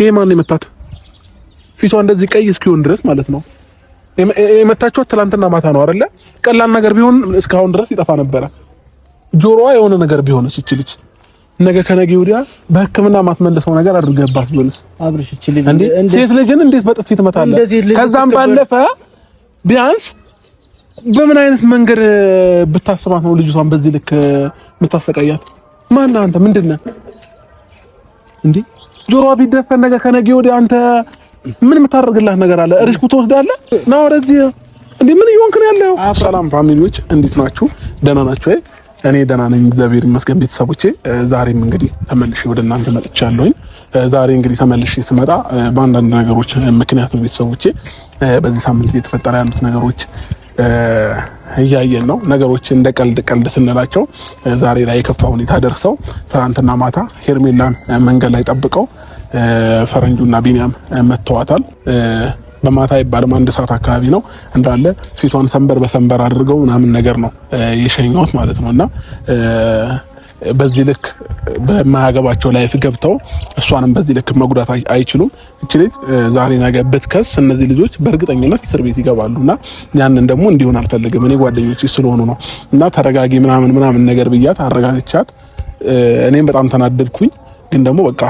ይሄ ማን የመታት? ፊቷ እንደዚህ ቀይ እስኪሆን ድረስ ማለት ነው። የመታቸው ትላንትና ማታ ነው አይደለ? ቀላል ነገር ቢሆን እስካሁን ድረስ ይጠፋ ነበረ። ጆሮዋ የሆነ ነገር ቢሆንስ እቺ ልጅ ነገ ከነገ ወዲያ በሕክምና ማትመለሰው ነገር አድርገባት ቢሆንስ? አብርሽ እቺ ልጅ ሴት ልጅን እንዴት በጥፊ ትመታለህ? ከዛም ባለፈ ቢያንስ በምን አይነት መንገድ ብታስባት ነው ልጅቷን በዚህ ልክ የምታሰቃያት? ማን አንተ ምንድን ነህ እንዴ? ጆሮ ቢደፈን ነገ ከነገ ወዲያ አንተ ምን የምታደርግላት ነገር አለ? ሪስኩ ትወስዳለህ። ና ወደዚህ እንዴ! ምን እየሆንክ ነው ያለው? ሰላም ፋሚሊዎች፣ እንዴት ናችሁ? ደህና ናችሁ? እኔ ደህና ነኝ፣ እግዚአብሔር ይመስገን። ቤተሰቦቼ ዛሬም እንግዲህ ተመልሼ ወደ እናንተ መጥቻለሁኝ። ዛሬ እንግዲህ ተመልሼ ስመጣ በአንዳንድ ነገሮች ምክንያት ነው ቤተሰቦቼ፣ በዚህ ሳምንት እየተፈጠረ ያሉት ነገሮች እያየን ነው። ነገሮች እንደ ቀልድ ቀልድ ስንላቸው ዛሬ ላይ የከፋ ሁኔታ ደርሰው ትናንትና ማታ ሄርሜላን መንገድ ላይ ጠብቀው ፈረንጁና ቢኒያም መተዋታል። በማታ ይባልም አንድ ሰዓት አካባቢ ነው እንዳለ ፊቷን ሰንበር በሰንበር አድርገው ምናምን ነገር ነው የሸኘሁት ማለት ነው እና በዚህ ልክ በማያገባቸው ላይፍ ገብተው እሷንም በዚህ ልክ መጉዳት አይችሉም። እች ልጅ ዛሬ ነገ ብትከስ እነዚህ ልጆች በእርግጠኝነት እስር ቤት ይገባሉ እና ያንን ደግሞ እንዲሆን አልፈልግም። እኔ ጓደኞች ስለሆኑ ነው እና ተረጋጊ ምናምን ምናምን ነገር ብያት አረጋግቻት፣ እኔም በጣም ተናደድኩኝ። ግን ደግሞ በቃ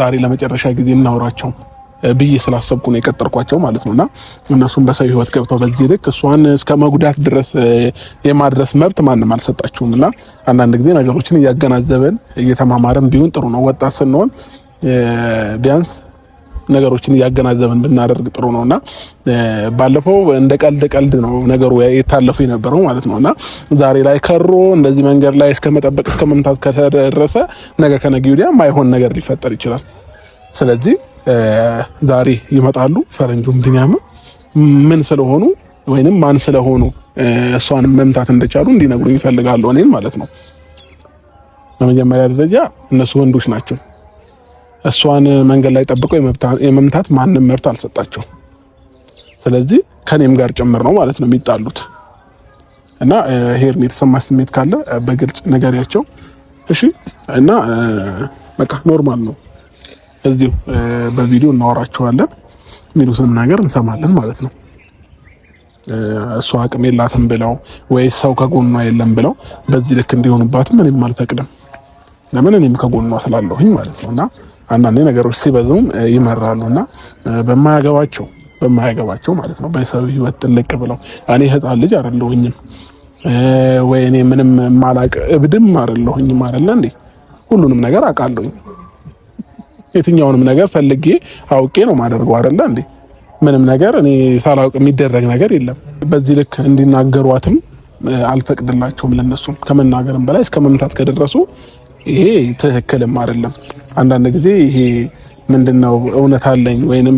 ዛሬ ለመጨረሻ ጊዜ እናውራቸው ብዬ ስላሰብኩ ነው የቀጠርኳቸው ማለት ነው። እና እነሱም በሰው ህይወት ገብተው በዚህ ልክ እሷን እስከ መጉዳት ድረስ የማድረስ መብት ማንም አልሰጣችሁም። እና አንዳንድ ጊዜ ነገሮችን እያገናዘበን እየተማማረን ቢሆን ጥሩ ነው። ወጣት ስንሆን ቢያንስ ነገሮችን እያገናዘብን ብናደርግ ጥሩ ነው እና ባለፈው እንደ ቀልድ ቀልድ ነው ነገሩ የታለፉ የነበረው ማለት ነው እና ዛሬ ላይ ከሮ እንደዚህ መንገድ ላይ እስከ መጠበቅ እስከ መምታት ከተደረሰ ነገ ከነገ ወዲያ ማይሆን ነገር ሊፈጠር ይችላል። ስለዚህ ዛሬ ይመጣሉ። ፈረንጁም ቢኒያምም ምን ስለሆኑ ወይንም ማን ስለሆኑ እሷን መምታት እንደቻሉ እንዲነግሩኝ ይፈልጋሉ። እኔም ማለት ነው። በመጀመሪያ ደረጃ እነሱ ወንዶች ናቸው። እሷን መንገድ ላይ ጠብቀው የመምታት ማንም መብት አልሰጣቸው። ስለዚህ ከኔም ጋር ጭምር ነው ማለት ነው የሚጣሉት። እና ሄርሜ የተሰማሽ ስሜት ካለ በግልጽ ነገሪያቸው እሺ። እና በቃ ኖርማል ነው እዚሁ በቪዲዮ እናወራቸዋለን የሚሉትን ነገር እንሰማለን ማለት ነው። እሷ አቅም የላትም ብለው ወይ ሰው ከጎኗ የለም ብለው በዚህ ልክ እንዲሆኑባትም እኔም አልፈቅድም። ለምን እኔም ከጎኗ ስላለሁኝ ማለት ነው። እና አንዳንዴ ነገሮች ሲበዙም ይመራሉ እና በማያገባቸው በማያገባቸው ማለት ነው በሰው ህይወት ጥልቅ ብለው እኔ ህፃን ልጅ አይደለሁኝም ወይ እኔ ምንም ማላቅ እብድም አይደለሁኝም አይደለ እንዴ? ሁሉንም ነገር አውቃለሁኝ። የትኛውንም ነገር ፈልጌ አውቄ ነው ማደርገው አይደለ እንዴ? ምንም ነገር እኔ ሳላውቅ የሚደረግ ነገር የለም። በዚህ ልክ እንዲናገሯትም አልፈቅድላቸውም። ለነሱም ከመናገርም በላይ እስከ መምታት ከደረሱ ይሄ ትክክልም አይደለም። አንዳንድ ጊዜ ይሄ ምንድነው እውነት አለኝ ወይንም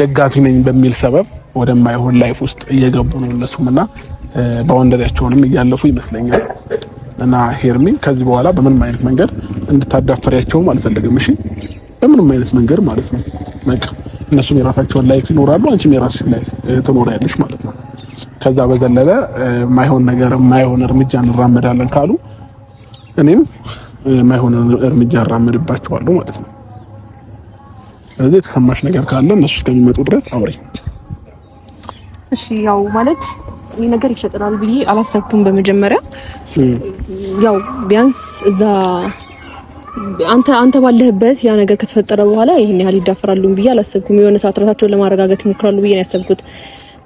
ደጋፊ ነኝ በሚል ሰበብ ወደማይሆን ላይፍ ውስጥ እየገቡ ነው እነሱም እና ባውንደሪያቸውንም እያለፉ ይመስለኛል። እና ሄርሚ ከዚህ በኋላ በምንም አይነት መንገድ እንድታዳፈሪያቸውም አልፈልግም። እሺ፣ በምንም አይነት መንገድ ማለት ነው። በቃ እነሱም የራሳቸውን ላይፍ ይኖራሉ፣ አንቺም የራስሽ ላይፍ ትኖሪያለሽ ማለት ነው። ከዛ በዘለለ ማይሆን ነገር ማይሆን እርምጃ እንራመዳለን ካሉ እኔም ማይሆን እርምጃ እራመድባቸዋለሁ ማለት ነው። ስለዚህ የተሰማሽ ነገር ካለ እነሱ እስከሚመጡ ድረስ አውሪ። እሺ ያው ማለት ይህ ነገር ይፈጠራል ብዬ አላሰብኩም በመጀመሪያ ያው ቢያንስ እዛ አንተ አንተ ባለህበት ያ ነገር ከተፈጠረ በኋላ ይሄን ያህል ይዳፈራሉ ብዬ አላሰብኩም። የሆነ ሰዓት ራሳቸውን ለማረጋጋት ይሞክራሉ ብዬ ነው ያሰብኩት።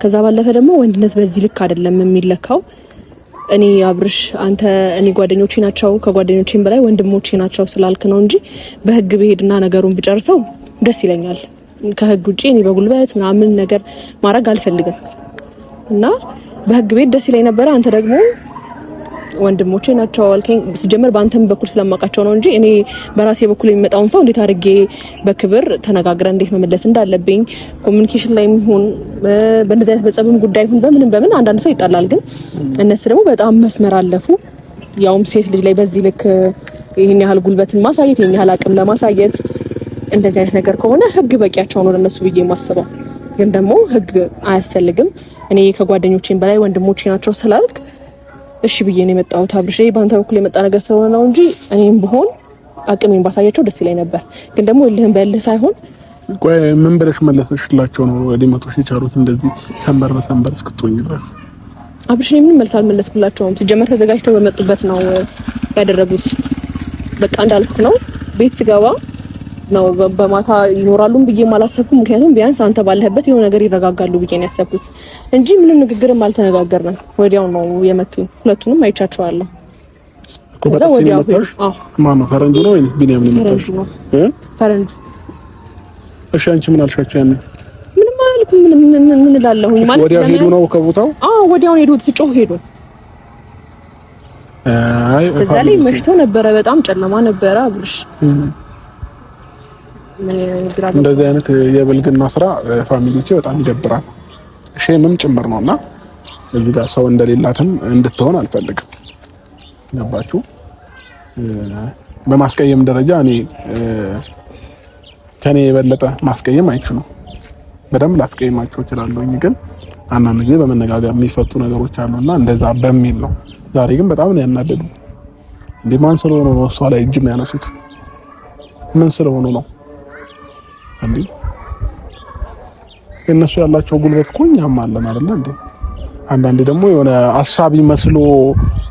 ከዛ ባለፈ ደግሞ ወንድነት በዚህ ልክ አይደለም የሚለካው። እኔ አብርሽ፣ አንተ እኔ ጓደኞቼ ናቸው ከጓደኞቼም በላይ ወንድሞቼ ናቸው ስላልክ ነው እንጂ በህግ ብሄድና ነገሩን ብጨርሰው ደስ ይለኛል። ከህግ ውጪ እኔ በጉልበት ምናምን ነገር ማድረግ አልፈልግም እና በህግ ቤት ደስ ይለኝ ነበረ። አንተ ደግሞ ወንድሞቼ ናቸው አልከኝ። ሲጀመር በአንተም በኩል ስለማውቃቸው ነው እንጂ እኔ በራሴ በኩል የሚመጣውን ሰው እንዴት አድርጌ በክብር ተነጋግረ እንዴት መመለስ እንዳለብኝ ኮሚኒኬሽን ላይ ይሁን በእንደዚህ አይነት በጸብም ጉዳይ ይሁን በምንም በምን አንዳንድ ሰው ይጣላል። ግን እነሱ ደግሞ በጣም መስመር አለፉ። ያውም ሴት ልጅ ላይ በዚህ ልክ ይህን ያህል ጉልበትን ማሳየት ይህን ያህል አቅም ለማሳየት እንደዚህ አይነት ነገር ከሆነ ህግ በቂያቸው ነው ለነሱ ብዬ የማስበው። ግን ደግሞ ህግ አያስፈልግም። እኔ ከጓደኞቼን በላይ ወንድሞቼ ናቸው ስላልክ እሺ ብዬ ነው የመጣሁት። አብርሽ በአንተ በኩል የመጣ ነገር ስለሆነ ነው እንጂ እኔም ብሆን አቅሜን ባሳያቸው ደስ ይለኝ ነበር። ግን ደግሞ እልህን በእልህ ሳይሆን ምን ብለሽ መለሰሽላቸው ነው ሊመጡሽ የቻሉት እንደዚህ ሰንበር በሰንበር እስክትሆኝ ድረስ? አብርሽ ምን መልስ አልመለስኩላቸውም። ሲጀመር ተዘጋጅተው በመጡበት ነው ያደረጉት። በቃ እንዳልኩ ነው ቤት ስገባ ነው በማታ ይኖራሉም ብዬ አላሰብኩም። ምክንያቱም ቢያንስ አንተ ባለህበት የሆነ ነገር ይረጋጋሉ ብዬ ነው ያሰብኩት እንጂ ምንም ንግግርም አልተነጋገርንም። ወዲያው ነው የመቱኝ። ሁለቱንም አይቻቸዋለሁ። ፈረንጁ ነው ወይስ ቢኒያም ነው? ፈረንጁ። እሺ አንቺ ምን አልሻቸው? ያንን ምንም አላልኩም። ምን ላለሁኝ ማለት ወዲያው ሄዱ ነው ከቦታው። አዎ ወዲያው ሄዱ፣ ስጮህ ሄዱ። አይ እዛ ላይ መሽቶ ነበረ፣ በጣም ጨለማ ነበረ አብርሽ እንደዚህ አይነት የብልግና ስራ ፋሚሊዎቼ በጣም ይደብራል፣ ሼምም ጭምር ነው እና እዚህ ጋር ሰው እንደሌላትም እንድትሆን አልፈልግም። ገባችሁ? በማስቀየም ደረጃ እኔ ከኔ የበለጠ ማስቀየም አይችሉም። በደንብ ላስቀየማቸው እችላለሁኝ፣ ግን አንዳንድ ጊዜ በመነጋገር የሚፈቱ ነገሮች አሉና እንደዛ በሚል ነው። ዛሬ ግን በጣም ነው ያናደዱ። እንዲህ ማን ነው እሷ ላይ እጅም ያነሱት? ምን ስለሆኑ ነው እንዴ እነሱ ያላቸው ጉልበት እኮ እኛም አለን አይደለ እንዴ? አንዳንዴ ደግሞ የሆነ አሳቢ መስሎ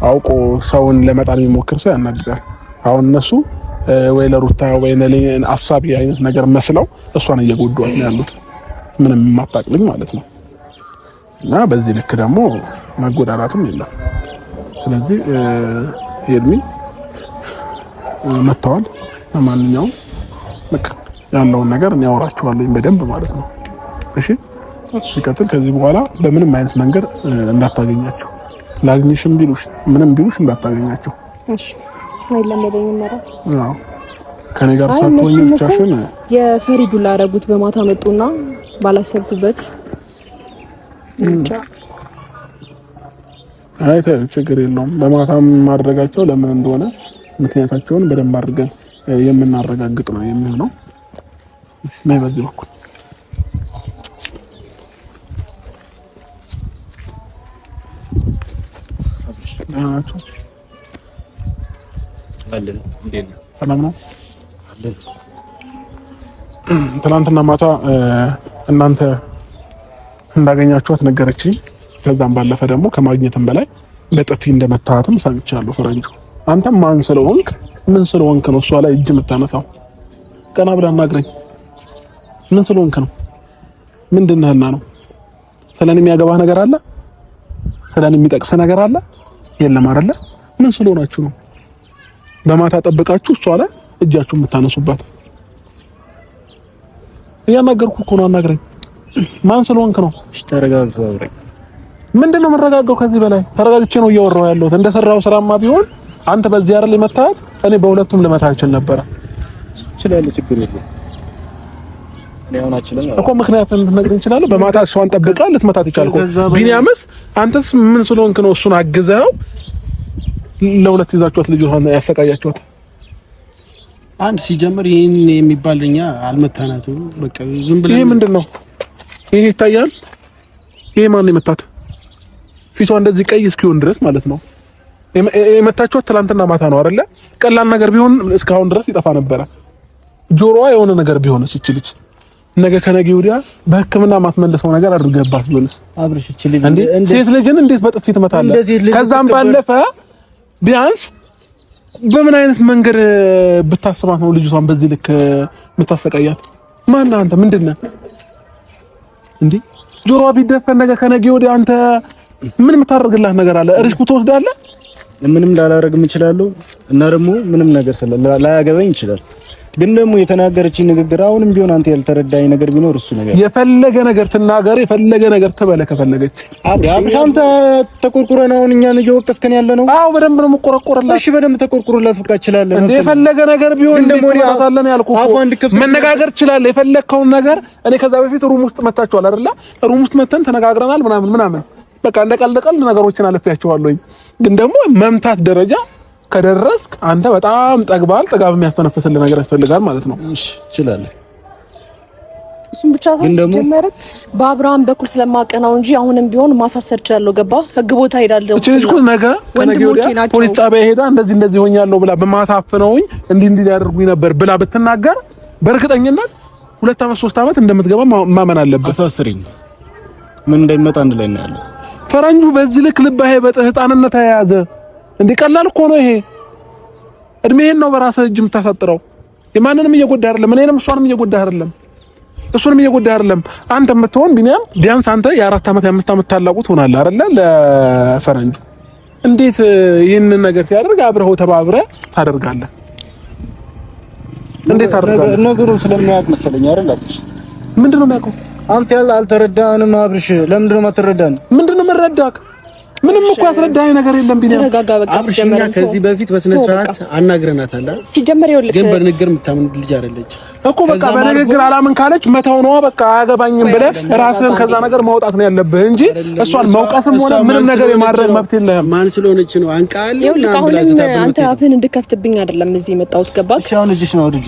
አውቆ ሰውን ለመጣል የሚሞክር ሰው ያናድዳል። አሁን እነሱ ወይ ለሩታ ወይ ለሌን አሳቢ አይነት ነገር መስለው እሷን እየጎዷት ነው ያሉት፣ ምንም የማታቅልኝ ማለት ነው። እና በዚህ ልክ ደግሞ መጎዳናትም የለም። ስለዚህ ኤርሚ መጥተዋል። ለማንኛውም በቃ ያለውን ነገር እኔ አወራችኋለሁ በደንብ ማለት ነው። እሺ ሲቀጥል ከዚህ በኋላ በምንም አይነት መንገድ እንዳታገኛቸው፣ ላግኝሽም ቢሉሽ ምንም ቢሉሽ እንዳታገኛቸው። እሺ ወይ ለመደኝ ማለት ነው። ከኔ ጋር ሳትሆኚ ብቻሽን የፈሪዱላ አደረጉት በማታ መጡና ባላሰብኩበት ችግር የለውም። በማታም ማድረጋቸው ለምን እንደሆነ ምክንያታቸውን በደንብ አድርገን የምናረጋግጥ ነው የሚሆነው። ነይ በዚህ በኩል ሰላም ነው። ትናንትና ማታ እናንተ እንዳገኛችኋት ነገረችኝ። ከዛም ባለፈ ደግሞ ከማግኘትም በላይ በጥፊ እንደመታትም ሰምቻለሁ። ፈረንጁ አንተም ማን ስለሆንክ ምን ስለሆንክ ነው እሷ ላይ እጅ የምታነሳው? ቀና ብላ አናግረኝ። ምን ስለሆንክ ነው? ምንድንህና ነው? ስለኔ የሚያገባህ ነገር አለ? ስለኔ የሚጠቅስ ነገር አለ? የለም አይደለ? ምን ስለሆናችሁ ነው በማታ ጠብቃችሁ እሷ ላይ እጃችሁ የምታነሱባት? እያናገርኩ እኮ ነው። አናግረኝ። ማን ስለሆንክ ነው? እሺ ተረጋጋ። ምንድን ነው የምረጋጋው? ከዚህ በላይ ተረጋግቼ ነው እያወራሁ ያለሁት። እንደሰራው ስራማ ቢሆን አንተ በዚህ አይደል የመታሃት፣ እኔ በሁለቱም ልመታህ እችል ነበረ። ችግር የለም እኮ ምክንያት ልትነግረኝ ትችላለህ። በማታ እሷን ጠብቃ ልትመታት ይቻልኩ። ቢኒያምስ አንተስ ምን ስለሆንክ ነው እሱን አግዘኸው ለሁለት ይዛችኋት ልጅ ሆነ ያሰቃያችኋት? አንድ ሲጀምር ይሄን የሚባል እኛ አልመታናትም። በቃ ዝም ብለን ይሄ ምንድን ነው ይሄ ይታያል። ይሄ ማን የመታት ፊቷ እንደዚህ ቀይ እስኪሆን ድረስ ማለት ነው የመታችኋት ትናንትና ማታ ነው አይደለ? ቀላል ነገር ቢሆን እስካሁን ድረስ ይጠፋ ነበረ። ጆሮዋ የሆነ ነገር ቢሆን ስችልች ነገ ከነገ ወዲያ በሕክምና ማትመለሰው ነገር አድርገባት ቢሆንስ? አብርሽ ሴት ልጅን እንዴት በጥፊ ትመታለህ? ከዛም ባለፈ ቢያንስ በምን አይነት መንገድ ብታስባት ነው ልጅቷን በዚህ ልክ የምታሰቃያት? ማነህ አንተ? ምንድነህ እንዴ? ጆሮዋ ቢደፈን ነገ ከነገ ወዲያ አንተ ምን የምታደርግላት ነገር አለ? ሪስኩ ትወስዳለህ። ምንም ላላረግም እችላለሁ እና ደግሞ ምንም ነገር ስለ ላያገበኝ ይችላል ግን ደግሞ የተናገረችኝ ንግግር አሁንም ቢሆን አንተ ያልተረዳኝ ነገር ቢኖር እሱ ነገር የፈለገ ነገር ትናገር፣ የፈለገ ነገር ትበለ። ከፈለገች አብሽ አንተ ተቆርቁረ ነው አሁን እኛን እየወቀስከን ያለ ነው። አዎ በደንብ ነው የምቆረቆርላት። እሺ በደንብ ተቆርቁረላት በቃ እችላለሁ እንደ የፈለገ ነገር ቢሆን ደግሞ ያታለን ያልኩህ መነጋገር እችላለሁ፣ የፈለግከውን ነገር። እኔ ከዛ በፊት ሩም ውስጥ መታችኋል አይደለ? ሩም ውስጥ መተን ተነጋግረናል ምናምን ምናምን። በቃ እንደ ቀልድ ቀልድ ነገሮችን አለፍያችኋለሁ። ግን ደግሞ መምታት ደረጃ ከደረስክ አንተ በጣም ጠግባል። ጠጋብ የሚያስተነፍስልህ ነገር ያስፈልጋል ማለት ነው። እሺ ይችላል። እሱም ብቻ ሳይጀመር በአብርሃም በኩል ስለማውቅህ ነው እንጂ አሁንም ቢሆን ማሳሰር እችላለሁ። ገባ ህግ ቦታ ሄዳለሁ። እቺ ነገ ፖሊስ ጣቢያ ሄዳ እንደዚህ እንደዚህ ሆኛለሁ ብላ በማሳፍነውኝ እንዲህ እንዲህ ያደርጉኝ ነበር ብላ ብትናገር በእርግጠኝነት ሁለት አመት ሶስት አመት እንደምትገባ ማመን አለበት። አሳስሪኝ፣ ምን እንደሚመጣ አንድ ላይ እናያለን። ፈረንጁ በዚህ ልክ ልባሄ በጥህጣንነት ተያያዘ። እንዲህ ቀላል እኮ ነው ይሄ። እድሜህን ነው በራስህ እጅ የምታሳጥረው። የማንንም እየጎዳ አይደለም። እኔንም እሷንም እየጎዳ አይደለም። እሱንም እየጎዳ አይደለም። አንተ የምትሆን ቢኒያም ቢያንስ አንተ የአራት ዓመት የአምስት ዓመት ታላቁ ትሆናለህ አይደለ? ለፈረንጁ እንዴት ይህንን ነገር ሲያደርግ አብረው ተባብረ ታደርጋለህ? እንዴት ታደርጋለህ? ነገሩን ስለሚያውቅ መሰለኝ አይደል? ምንድን ነው የሚያውቀው? አንተ ያለ አልተረዳንም። አብርሽ ለምንድን ነው የማትረዳን? ምንድን ነው የምንረዳህ? ምንም እኮ ያስረዳኝ ነገር የለም። በቃ ቢና ከዚህ በፊት በስነ ስርዓት አናግረናታል። ሲጀመር ይኸውልህ ግን በንግግር የምታምን ልጅ አይደለች እኮ በቃ በንግግር አላምን ካለች መተው ነዋ። በቃ አያገባኝም ብለህ ራስህን ከዛ ነገር ማውጣት ነው ያለብህ እንጂ እሷን መውቀትም ሆነ ምንም ነገር የማድረግ መብት የለህም። ማን ስለሆነች ነው አንቃል። ይኸውልህ አሁንም አንተ አፍህን እንድከፍትብኝ አይደለም እዚህ የመጣሁት ገባህ። እሺ አሁን ልጅሽ ነው ልጅ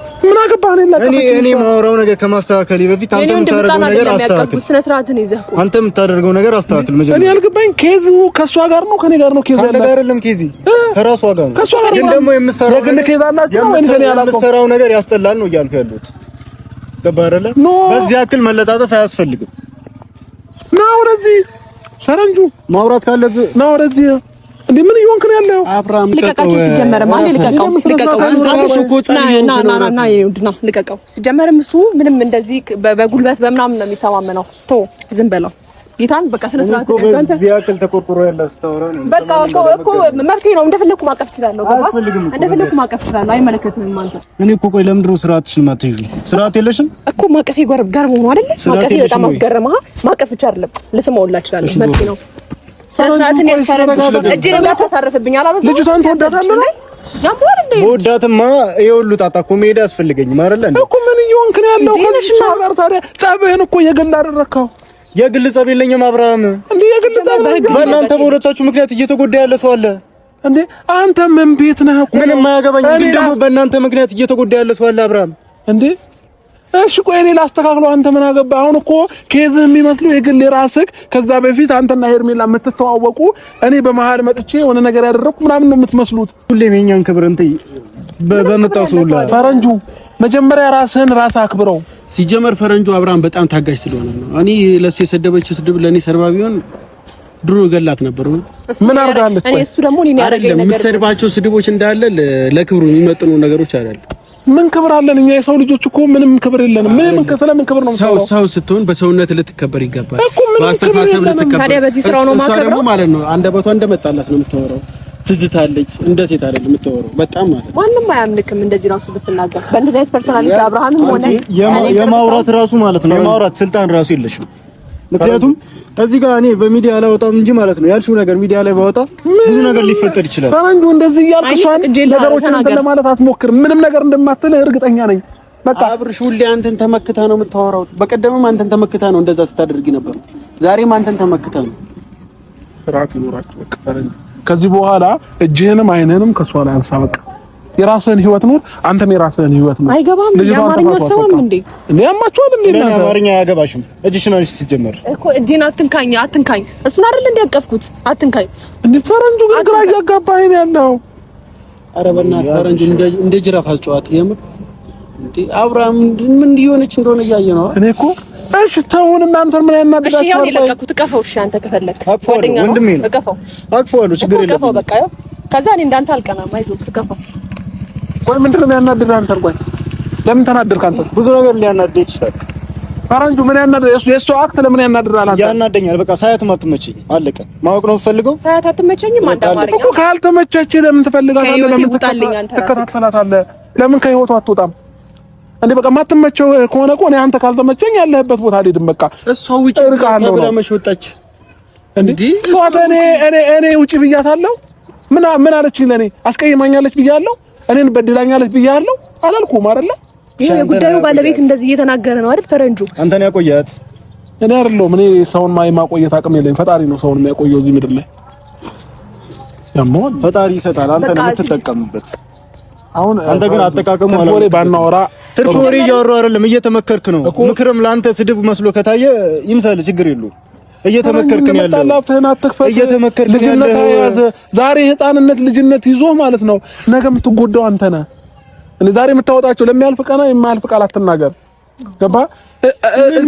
ምን አገባህ? እኔ እኔ የማወራው ነገር ከማስተካከል በፊት አንተ የምታደርገው ነገር አስተካክል። ስነ ስርዓትን ይዘህ እኮ አንተ የምታደርገው ነገር አስተካክል። መጀመሪያ እኔ አልገባኝ። ኬዝ ከእሷ ጋር ነው ከኔ ጋር ነው? ኬዝ ያለ አይደለም። ኬዝ ከራሷ ጋር ነው። ግን ደግሞ የምትሰራው ነገር ኬዝ አላችሁ። እኔ ነገር ያስጠላል ነው እያልኩ ያሉት። ገባህ አይደለ? በዚህ ያክል መለጣጠፍ አያስፈልግም። ና ወደዚህ ሰረንጁ ማውራት ካለብህ ና ወደዚህ እንዴ ምን እየሆንክ ነው ያለው? አብርሃም ልቀቃቸው። ሲጀመርም አንዴ ልቀቀው፣ ልቀቀው። ና ና ና ና ይውድና ልቀቀው። ሲጀመርም እሱ ምንም እንደዚህ በጉልበት በምናምን ነው የሚተማመነው። ቶ ዝም በለው ጌታን በቃ ስነ ስርዓት አንተ እዚህ ያክል ተቆርቆሮ ያለ ስታወራ ነው። በቃ እኮ መብቴ ነው፣ እንደፈለኩ ማቀፍ እችላለሁ። እንደፈለኩ ማቀፍ እችላለሁ። አይመለከትም አንተ። እኔ እኮ ቆይ ለምንድን ነው ስርዓትሽን ማትይዙ? ስርዓት የለሽም እኮ ማቀፌ ጋር ጋር መሆኑ አይደለ? ማቀፌ በጣም አስገርመሃል። ማቀፍ ብቻ አይደለም ልስመውላ እችላለሁ። መብቴ ነው ስነስርዓትን ያስፈረድኩሽ እጅን እንዳታሳርፍብኝ አላበዛም። ልጅቷን ትወዳታለህ? በወዳትማ የሁሉ ጣጣ እኮ መሄድ አያስፈልገኝም አይደለ እኮ ምን እየሆንክ ነው ያለው? ከዚህ ታዲያ ጸብህን እኮ የግል አደረግከው። የግል ጸብ የለኝም አብርሃም። በእናንተ በሁለታችሁ ምክንያት እየተጎዳ ያለ ሰው አለ እንዴ? አንተ ምን ቤት ነህ? ምንም አያገባኝም። ግን ደግሞ በእናንተ ምክንያት እየተጎዳ ያለ ሰው አለ አብርሃም እንዴ እሺ ቆይ እኔ ላስተካክለው። አንተ ምን አገባህ? አሁን እኮ ከዚህ የሚመስሉ የግል የራስህ ከዛ በፊት አንተና ሄርሜላ የምትተዋወቁ እኔ በመሀል መጥቼ የሆነ ነገር ያደረኩ ምናምን ነው የምትመስሉት። ሁሌም የኛን ክብር እንትን በመጣው ሰው ላይ ፈረንጁ መጀመሪያ ራስህን ራስ አክብረው። ሲጀመር ፈረንጁ አብርሃም በጣም ታጋሽ ስለሆነ ነው። እኔ ለሱ የሰደበችው ስድብ ለእኔ ሰርባ ቢሆን ድሮ ገላት ነበር። ምን እኔ እሱ ደግሞ እኔ ያደረገኝ ነገር የምትሰድባቸው ስድቦች እንዳለ ለክብሩ የሚመጥኑ ነገሮች አይደለም ምን ክብር አለን እኛ የሰው ልጆች እኮ ምንም ክብር የለንም። ምንም ምን ከሰለ ምን ክብር ነው? ሰው ሰው ስትሆን በሰውነት ልትከበር ይገባል። በአስተሳሰብ ልትከበር ታዲያ ነው ማከብረው ነው ማለት ነው። አንደበቷ እንደመጣላት ነው የምታወራው። ትዝታለች እንደ ሴት አይደለም የምታወራው። በጣም ማለት ነው። ማንም አያምንክም እንደዚህ ራሱ ብትናገር። በእንደዚህ አይነት ፐርሰናሊቲ አብርሃምም ሆነ የማውራት ራሱ ማለት ነው የማውራት ስልጣን ራሱ የለሽም ምክንያቱም እዚህ ጋር እኔ በሚዲያ ላይ ወጣም እንጂ ማለት ነው ያልሽው ነገር ሚዲያ ላይ ባወጣ ብዙ ነገር ሊፈጠር ይችላል። ፈረንጁ እንደዚህ ያልኩሻን ነገሮችን እንትን ለማለት አትሞክር። ምንም ነገር እንደማትል እርግጠኛ ነኝ። በቃ አብርሽ ሁሌ አንተን ተመክታ ነው የምታወራው። በቀደምም አንተን ተመክታ ነው እንደዛ ስታደርጊ ነበር። ዛሬም አንተን ተመክታ ነው። ስርዓት ይኖራችሁ። በቃ ከዚህ በኋላ እጅህንም አይንህንም ከሷ ላይ አንሳ በቃ የራስህን ህይወት ኑር፣ አንተም የራስህን ህይወት ኑር። አይገባም። የአማርኛ አሰማም እንዴ? እኔ ያማችኋል እንዴ? ስለኔ አማርኛ አያገባሽም። እጅሽ ነው እሺ። ሲጀመር እኮ እዲን አትንካኝ፣ አትንካኝ። እሱን አይደል እንዴ ያቀፍኩት? አትንካኝ። እንዴ ፈረንጁ ግን ግራ እያጋባኝ ነው ያለው። ኧረ በእናትህ ፈረንጁ እንደ ጅራፍ አስጨዋት። የምር እንዴ አብርሃም ምን እየሆነች እንደሆነ እያየ ነው። እኔ እኮ እሺ ተውን እናንተ ምን ያናደዳችሁ? እሺ ያው ለቀኩት። ቀፈው። እሺ አንተ ከፈለክ ወንድሜ ነው ቀፈው፣ አቅፈው ችግር የለም ቀፈው። በቃ ያው ከዛ እኔ እንዳንተ አልቀናም። አይዞህ ቀፈው ቆይ ምንድን ነው የሚያናድድ አንተ? ቆይ ለምን ተናደድክ አንተ? ብዙ ነገር ሊያናድድ ይችላል። ፈረንጁ ምን ያናድ የእሱ አክት ለምን ያናድዳል አንተ? ያናደኛል። በቃ ሳያት አትመቸኝ፣ አለቀ። ማወቅ ነው የምፈልገው። ሳያት አትመቸኝም። አንተ አማርኛ እኮ ካልተመቸች ለምን ትፈልጋታለህ? ለምን ትከታተላታለህ? ለምን ከህይወቱ አትወጣም? እንዴ በቃ ማትመቸው ከሆነ እኮ እኔ አንተ ካልተመቸኝ ያለህበት ቦታ አልሄድም። በቃ እሷ ውጪ ብላ መች ወጣች? እንዴ እሷ እኔ እኔ ውጪ ብያታለሁ። ምን ምን አለችኝ? ለኔ አስቀይማኛለች ብያለሁ እኔን በድላኛለች ብያለሁ አላልኩም አይደለ? ይሄ የጉዳዩ ባለቤት እንደዚህ እየተናገረ ነው አይደል? ፈረንጁ አንተ ነው ያቆያት እኔ አይደለሁም። እኔ ሰውን ማይ ማቆየት አቅም የለኝ። ፈጣሪ ነው ሰውን የሚያቆየው እዚህ ምድር ላይ ደግሞ ፈጣሪ ይሰጣል። አንተ ነው የምትጠቀምበት። አሁን አንተ ግን አጠቃቀሙ አለ ወሬ ባናወራ ትርፍ ወሬ እያወራሁ አይደለም፣ እየተመከርክ ነው። ምክርም ለአንተ ስድብ መስሎ ከታየ ይምሰል፣ ችግር የለውም እየተመከርክን ያለው ያለው። ልጅነት ዛሬ ህፃንነት ልጅነት ይዞ ማለት ነው። ነገ የምትጎዳው አንተ ነህ። ዛሬ የምታወጣቸው ለሚያልፍ ቀና የማያልፍ ቃል አትናገር። ገባ?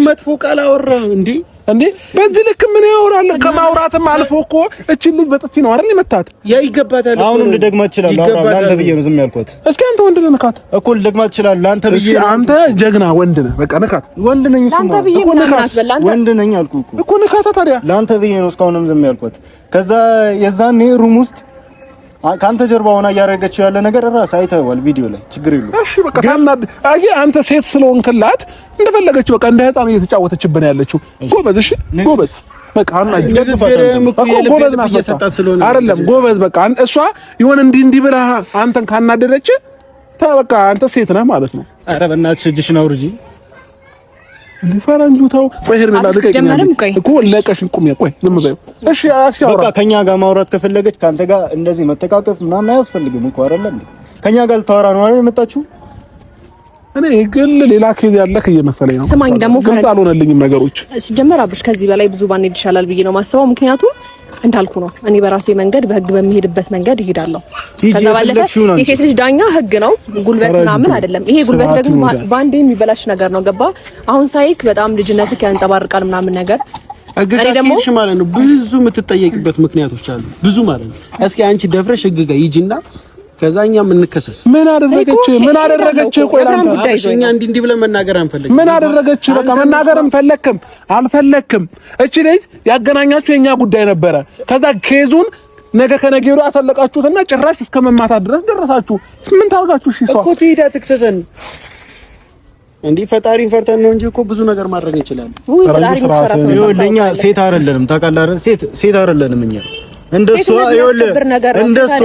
መጥፎ ቃል አወራ እንዴ? እንዴ በዚህ ልክ ምን ያወራል? ከማውራትም አልፎ እኮ እቺ ልጅ በጥፊ ነው አይደል የመታት? ያ ይገባታል። አሁን ልደግማ ትችላለህ። ለአንተ ብዬ ነው ዝም ያልኩት። እስኪ አንተ ወንድ ነህ፣ ንካት እኮ ልደግማ ትችላለህ። አንተ ብዬ አንተ ጀግና ወንድ ነህ። በቃ ንካት። ወንድ ነኝ እሱ እኮ ንካት። ወንድ ነኝ አልኩህ እኮ እኮ ንካታ። ታዲያ ለአንተ ብዬ ነው እስካሁንም ዝም ያልኩት። ከዛ የዛኔ ሩም ውስጥ ከአንተ ጀርባ ሆና እያደረገችው ያለ ነገር ራስ አይተዋል ቪዲዮ ላይ ችግር የለውም። እሺ በቃ ታናድ አይ አንተ ሴት ስለሆንክላት እንደፈለገች በቃ እንደ ህፃን እየተጫወተችብን ያለችው። ጎበዝ እሺ ጎበዝ በቃ ጎበዝ ጎበዝ በቃ እሷ የሆነ እንዲህ እንዲህ ብላ አንተን ካናደረች በቃ አንተ ሴት ነህ ማለት ነው። ኧረ በእናትሽ እጅሽን አውርጂ ፈረንጆታው ቆይ ሄርሜላ ልቀቂኝ እኮ ለቀሽኝ ቁም ቆይ ዝም በይው እሺ በቃ ከኛ ጋር ማውራት ከፈለገች ከአንተ ጋር እንደዚህ መተቃቀፍ ምናምን አያስፈልግም እኮ አይደለ እንዴ ከኛ ጋር ልታወራ ነው አይደል የመጣችሁ እኔ ግን ሌላ ኬዝ ያለህ እየመሰለኝ ነው ስማኝ ደግሞ ግልጽ አልሆነልኝም ነገሮች ሲጀመር አብርሽ ከዚህ በላይ ብዙ ባንሄድ ይሻላል ብዬ ነው ማስበው ምክንያቱም እንዳልኩ ነው። እኔ በራሴ መንገድ በህግ በሚሄድበት መንገድ እሄዳለሁ። ከዛ ባለፈ የሴት ልጅ ዳኛ ህግ ነው፣ ጉልበት ምናምን አይደለም። ይሄ ጉልበት ደግሞ በአንዴ የሚበላሽ ነገር ነው። ገባ አሁን ሳይክ በጣም ልጅነት ያንጸባርቃል ምናምን ነገር ህግ ጋር ማለት ነው። ብዙ የምትጠየቅበት ምክንያቶች አሉ። ብዙ ማለት ነው። እስኪ አንቺ ደፍረሽ ህግ ጋር ሂጂና ከዛ እኛ የምንከሰስ ምን አደረገች? ምን አደረገች? ቆይ እኛ እንዲህ እንዲህ ብለን መናገር አንፈልግም። ምን አደረገች? በቃ መናገርም ፈለክም አልፈለክም፣ እቺ ልጅ ያገናኛችሁ የኛ ጉዳይ ነበረ። ከዛ ኬዙን ነገ ከነገ ወዲያ አተለቃችሁትና ጭራሽ እስከ መማታት ድረስ ደረሳችሁ። ምን ታርጋችሁ? እሺ ሰው እኮ ትሄዳ ትክሰሰን እንዲህ ፈጣሪን ፈርተን ነው እንጂ እኮ ብዙ ነገር ማድረግ እንችላለን። ለእኛ ሴት አይደለንም ታውቃለህ። ሴት ሴት አይደለንም እኛ እንደሷ ይኸውልህ፣ እንደሷ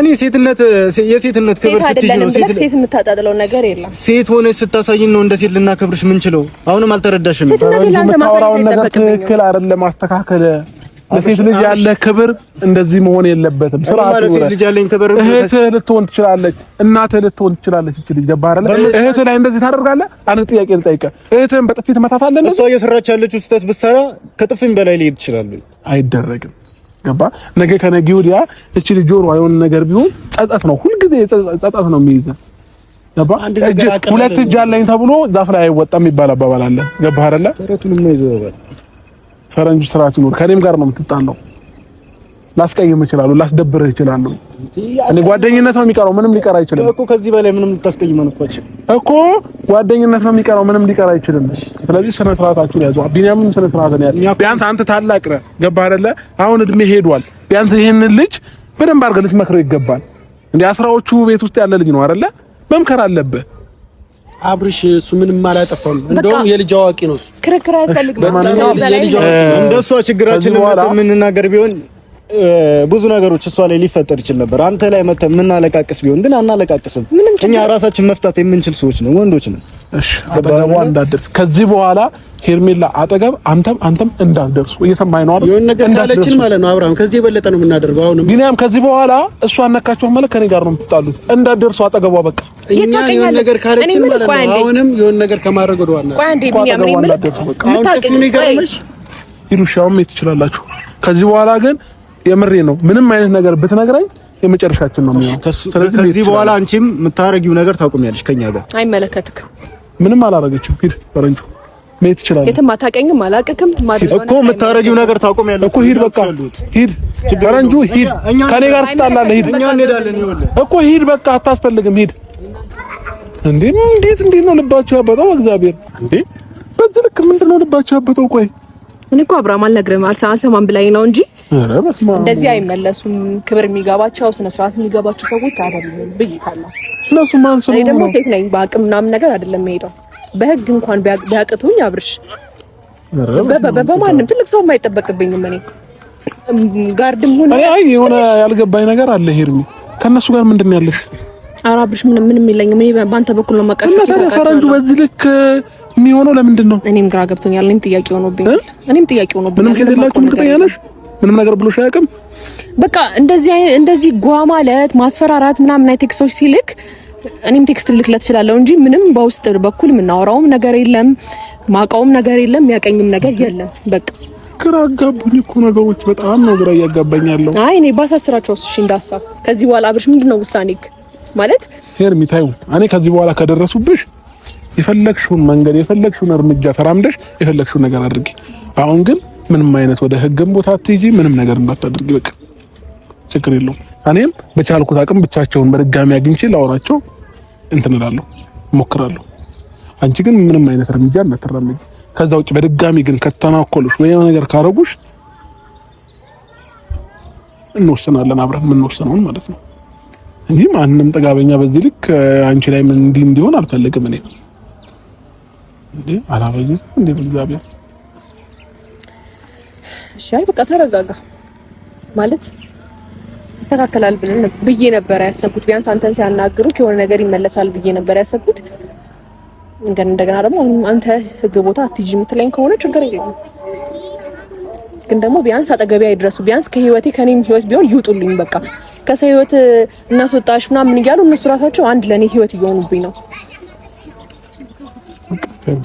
እኔ ሴትነት የሴትነት ክብር ስትይ ነው ሴት የምታጣጥለው ነገር የለም። ሴት ሆነሽ ስታሳይን ነው እንደ ሴት ልናከብርሽ የምንችለው። አሁንም አልተረዳሽም። ትክክል አይደለም። ማስተካከል ለሴት ልጅ ያለ ክብር እንደዚህ መሆን የለበትም። ስርዓቱ ለሴት ልጅ ያለኝ ክብር እህት ልትሆን ትችላለች፣ እናት ልትሆን ትችላለች። እቺ ልጅ ገባህ አይደል? እህት ላይ እንደዚህ ታደርጋለህ። አንድ ጥያቄ ልጠይቅህ፣ እህትህን በጥፊት ትመታታለህ? እሷ እየሰራች ያለችው ስህተት ብትሰራ ከጥፊም በላይ ሊሄድ ይችላል። አይደረግም ገባ ነገ ከነገ ወዲያ እቺ ልጅ ጆሮ አይሆን ነገር ቢሆን ጸጸት ነው፣ ሁልጊዜ ጸጸት ነው የሚይዘን። ገባ ሁለት እጅ አለኝ ተብሎ ዛፍ ላይ አይወጣም ይባል አባባል አለ። ገባ አይደለ? ፈረንጅ ስርዓት ይኖር ከኔም ጋር ነው የምትጣለው ላስቀይም ይችላሉ፣ ላስደብር ይችላሉ። እኔ ጓደኝነት ነው የሚቀረው፣ ምንም ሊቀር አይችልም እኮ ከዚህ በላይ ምንም ልታስቀይመን አንኳች እኮ ጓደኝነት ነው የሚቀረው፣ ምንም ሊቀር አይችልም። ስለዚህ ስነ ስርዓታችሁ ያዙ። ቢኒያምም ስነ ስርዓት ነው ያለው። ቢያንስ አንተ ታላቅ ነህ፣ ገባህ አይደለ? አሁን እድሜ ሄዷል። ቢያንስ ይህንን ልጅ በደንብ አድርገህ ልትመክረው ይገባል። እንዴ አስራዎቹ ቤት ውስጥ ያለ ልጅ ነው አይደለ? መምከር አለብህ። አብርሽ እሱ ምንም አላጠፋም። እንደውም የልጅ አዋቂ ነው እሱ። ክርክር አያስፈልግም። እንደሷ ችግራችንን የምንናገር ቢሆን ብዙ ነገሮች እሷ ላይ ሊፈጠር ይችል ነበር። አንተ ላይ መተህ የምናለቃቅስ ቢሆን ግን አናለቃቅስም። እኛ ራሳችን መፍታት የምንችል ሰዎች ነው፣ ወንዶች ነው። እሺ አጠገቧ እንዳትደርስ ከዚህ በኋላ ሄርሜላ አጠገብ አንተም አንተም እንዳደርሱ እየሰማኸኝ ነው አይደል? የሆነ ነገር እንዳለችን ማለት ነው አብርሃም። ከዚህ የበለጠ ነው የምናደርገው። አሁንም ቢኒያም ከዚህ በኋላ እሱ አነካቸው ማለት ከኔ ጋር ነው የምትጣሉት። እንዳደርሱ አጠገቧ በቃ። እኛ የሆነ ነገር ካለችን ማለት ነው አሁንም የሆነ ነገር ከማድረግ ወደ ዋና ቆይ አንዴ ቢኒያም ነኝ ማለት ነው። አሁን ጥፍሙን ይገርምሽ ይሉሻውም ትችላላችሁ። ከዚህ በኋላ ግን የምሬ ነው። ምንም አይነት ነገር ብትነግራኝ የመጨረሻችን ነው የሚሆነው። ከዚህ በኋላ አንቺም የምታረጊው ነገር ታቆሚያለሽ። ከኛ ጋር አይመለከትክም። ምንም አላረገችም። ሂድ ፈረንጁ መሄድ ትችላለህ። የትም አታውቀኝም፣ አላውቅህም እኮ የምታረጊው ነገር ታቆሚያለሽ እኮ ሂድ፣ በቃ ሂድ፣ ፈረንጁ ሂድ፣ ከኔ ጋር ትጣላለህ። ሂድ፣ እኛ እንሄዳለን እኮ ሂድ፣ በቃ አታስፈልግም። ሂድ። እንዴ እንዴት እንዴት ነው ልባቸው ያበጠው? እግዚአብሔር እንዴ በዚህ ልክ ምንድን ነው ልባቸው ያበጠው? ቆይ እኔ እኮ አብርሃም አልነግርህም አልሰማም ብላኝ ነው እንጂ እንደዚህ አይመለሱም። ክብር የሚገባቸው ስነ ስርዓት የሚገባቸው ሰዎች አይደሉም ብይታለሁ። እኔ ደግሞ ሴት ነኝ በአቅም ምናምን ነገር አይደለም የሄደው። በህግ እንኳን ቢያቅቱኝ አብርሽ በማንም ትልቅ ሰው አይጠበቅብኝም። እኔ ጋርድም ሆነ አይ የሆነ ያልገባኝ ነገር አለ ሄርሚ፣ ከእነሱ ጋር ምንድን ነው ያለሽ? አራብሽ ምንም ምንም የለኝም። እኔ በአንተ በኩል ነው መቃሽ ፈረንጁ በዚህ ልክ የሚሆነው ለምንድን ነው? እኔም ግራ ገብቶኛል። እኔም ጥያቄ ሆኖብኛል። እኔም ጥያቄ ሆኖብኛል። ምንም ከዚህ ላችሁ ምክንያት ያለሽ ምንም ነገር ብሎሽ አያውቅም። በቃ እንደዚህ እንደዚህ ጓ ማለት ማስፈራራት ምናምን አይ ቴክስቶች ሲልክ እኔም ቴክስት ልክለት እችላለሁ እንጂ ምንም በውስጥ በኩል የምናወራውም ነገር የለም፣ ማውቀውም ነገር የለም፣ ያቀኝም ነገር የለም። በቃ ግራ አጋቡኝ እኮ ነገሮች በጣም ነው ግራ እያጋባኛለሁ። አይ እኔ ባሳስራቸው እሺ፣ እንዳሳብ ከዚህ በኋላ አብርሽ ምንድነው ውሳኔክ ማለት ሄርሚታዩ እኔ ከዚህ በኋላ ከደረሱብሽ የፈለግሽውን መንገድ የፈለግሽውን እርምጃ ተራምደሽ የፈለግሽውን ነገር አድርጊ። አሁን ግን ምንም አይነት ወደ ህግም ቦታ አትይጂ፣ ምንም ነገር እንዳታደርጊ። በቃ ችግር የለውም። እኔም በቻልኩት አቅም ብቻቸውን በድጋሚ አግኝቼ ላወራቸው እንትን እላለሁ እሞክራለሁ። አንቺ ግን ምንም አይነት እርምጃ እንዳትራመጂ። ከዛ ውጭ በድጋሚ ግን ከተናኮሉሽ ወይ ነገር ካረጉሽ እንወስናለን አብረን የምንወስነውን ማለት ነው እንጂ ማንም ጥጋበኛ በዚህ ልክ አንቺ ላይ ምን እንዲሆን አልፈልግም እኔ እንዴ አላበየም እንዴ በእግዚአብሔር። እሺ አይ በቃ ተረጋጋ። ማለት ይስተካከላል ብዬ ነበር ያሰብኩት። ቢያንስ አንተን ሲያናግሩት የሆነ ነገር ይመለሳል ብዬ ነበር ያሰብኩት። እንደገና ደግሞ አንተ ህግ ቦታ አትሂጂ የምትለኝ ከሆነ ችግር የለውም፣ ግን ደግሞ ቢያንስ አጠገቢያ አይድረሱ። ቢያንስ ከህይወቴ ከኔም ህይወት ቢሆን ይውጡልኝ። በቃ ከሰው ህይወት እናስወጣሽ ምናምን እያሉ እነሱ ራሳቸው አንድ ለእኔ ህይወት እየሆኑብኝ ነው።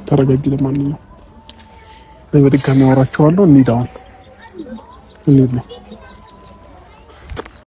ተረጋጊ። ለማንኛውም በድጋሚ አወራቸዋለሁ። እንሂድ አሁን እንሂድ ነው